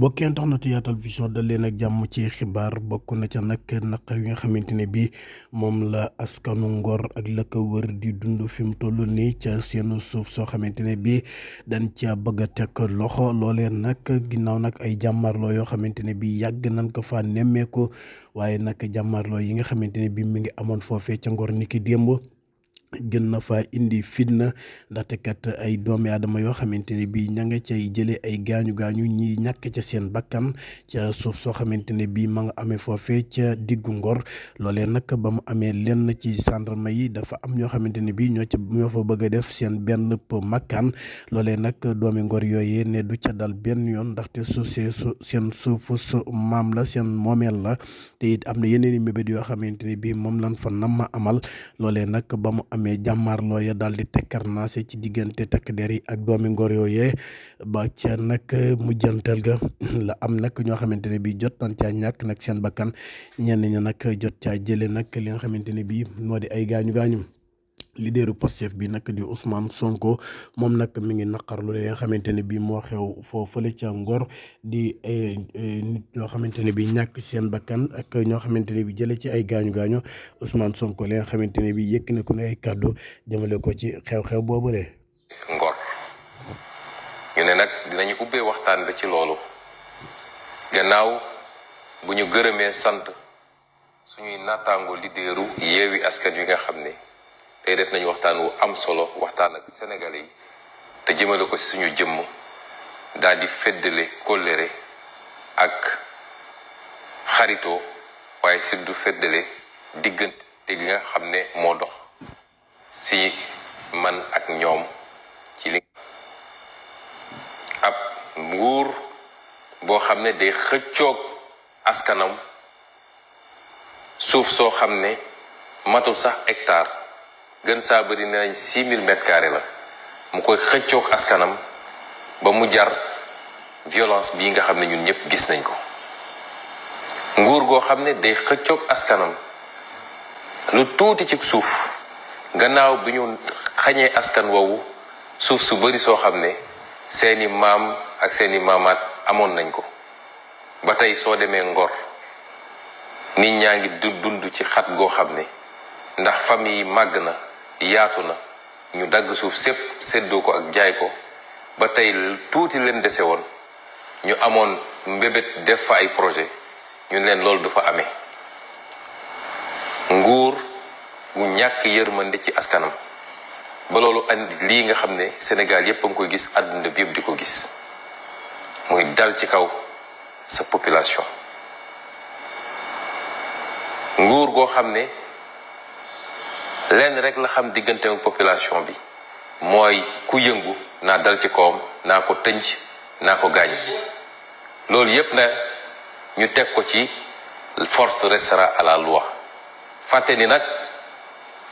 mbokk internet Yaatal Vision da leen ak jàmm ci xibaar bokk na ca nag naqar yi nga xamante ne bii moom la askanu Ngor ak la ko wër di dund fi mu toll nii ca seenu suuf soo xamante ne bii dañ ca bëgg a teg loxo loolee nag ginnaaw nag ay jàmmarloo yoo xamante ne bii yàgg nañ ko faa nemmeeku waaye nag jàmmarloo yi nga xamante ne bii mi ngi amoon foofee ca Ngor ki démb. gën na fa indi fitna ndaxte kat ay doomi aadama yoo xamante ne bii ña nga cay jëlee ay gaañu ñi ñàkk ca seen bakkan ca suuf soo xamante ne bii ma nga amee foofee ca diggu ngor loolee nag ba mu amee lenn ci gendarme yi dafa am ñoo xamante ne bii ñoo ca ñoo fa bëgg a def seen benn makkan loole nag doomi ngor yooyee ne du ca dal benn yoon ndaxte suuf see seen suufu su maam la seen moomeel la te it am na yeneen i mébét yoo xamante ne bii moom lan fa amee jàmmaarloo ya daal di tekkarnaase ci diggante takk der yi ak doomi ngor yooye ba ca nag mujjantal ga la am nag ñoo xamante ne bii jot nañ caa ñàkk nag seen bakkan ñenn ñi nag jot caa jële nag li nga xamante ne bii moo di ay gaañu gaañu leaderu Pastef bi nag di Ousmane Sonko moom nag mu ngi naqarlu li nga xamante ne bii moo xew foo fële ca di eh, eh, nit xamante ne bii ñàkk seen bakkan ak ñoo xamante ne bii jëlee ci ay gaañu gaañu Ousmane Sonko li nga xamante ne bii yëkk na ko ne ay kàddu jëmale ko ci xew-xew boobule. Ngor ñu ne nag dinañu ubbee waxtaan bi ci loolu gannaaw bu ñu gërëmee sant suñuy naataango leaderu Yewwi Askan Wi nga xam ne. tey def nañu waxtaan wu am solo waxtaan ak sénégalais yi te jëmale ko ci suñu jëmm daal di feddale kóllëre ak xaritoo waaye surtout feddale diggante te nga xam ne moo dox si man ak ñoom ci ab wuur boo xam ne day xëccoog askanam suuf soo xam ne matul sax hectare gën saa bari ne nañ six mille mètres carrés la mu koy xëccook askanam ba mu jar violence bii nga xam ne ñun ñëpp gis nañ ko nguur goo xam ne day xëccook askanam lu tuuti ci suuf gannaaw bi ñu xañee askan woowu suuf su bari soo xam ne seeni maam ak seeni maamaat amoon nañ ko ba tey soo demee Ngor nit ñaa ngi dund ci xat goo xam ne ndax fami yi màgg na yaatu na ñu dagg suuf sépp séddoo ko ak jaay ko ba tey tuuti leen dese woon ñu amoon mbébét def fa ay projet ñu leen loolu du fa amee nguur gu ñàkk yërmande ci askanam ba loolu andi lii nga xam ne Sénégal yépp a ngi koy gis àdduna bi yëpp di ko gis muy dal ci kaw sa population nguur goo xam ne lenn rek la xam digganteem population bi mooy ku yëngu naa dal ci kawam naa ko tënj naa ko gaañ loolu yépp na ñu teg ko ci force restera à fàtte ni nag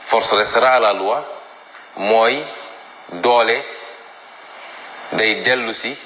force restera à mooy doole day dellu ci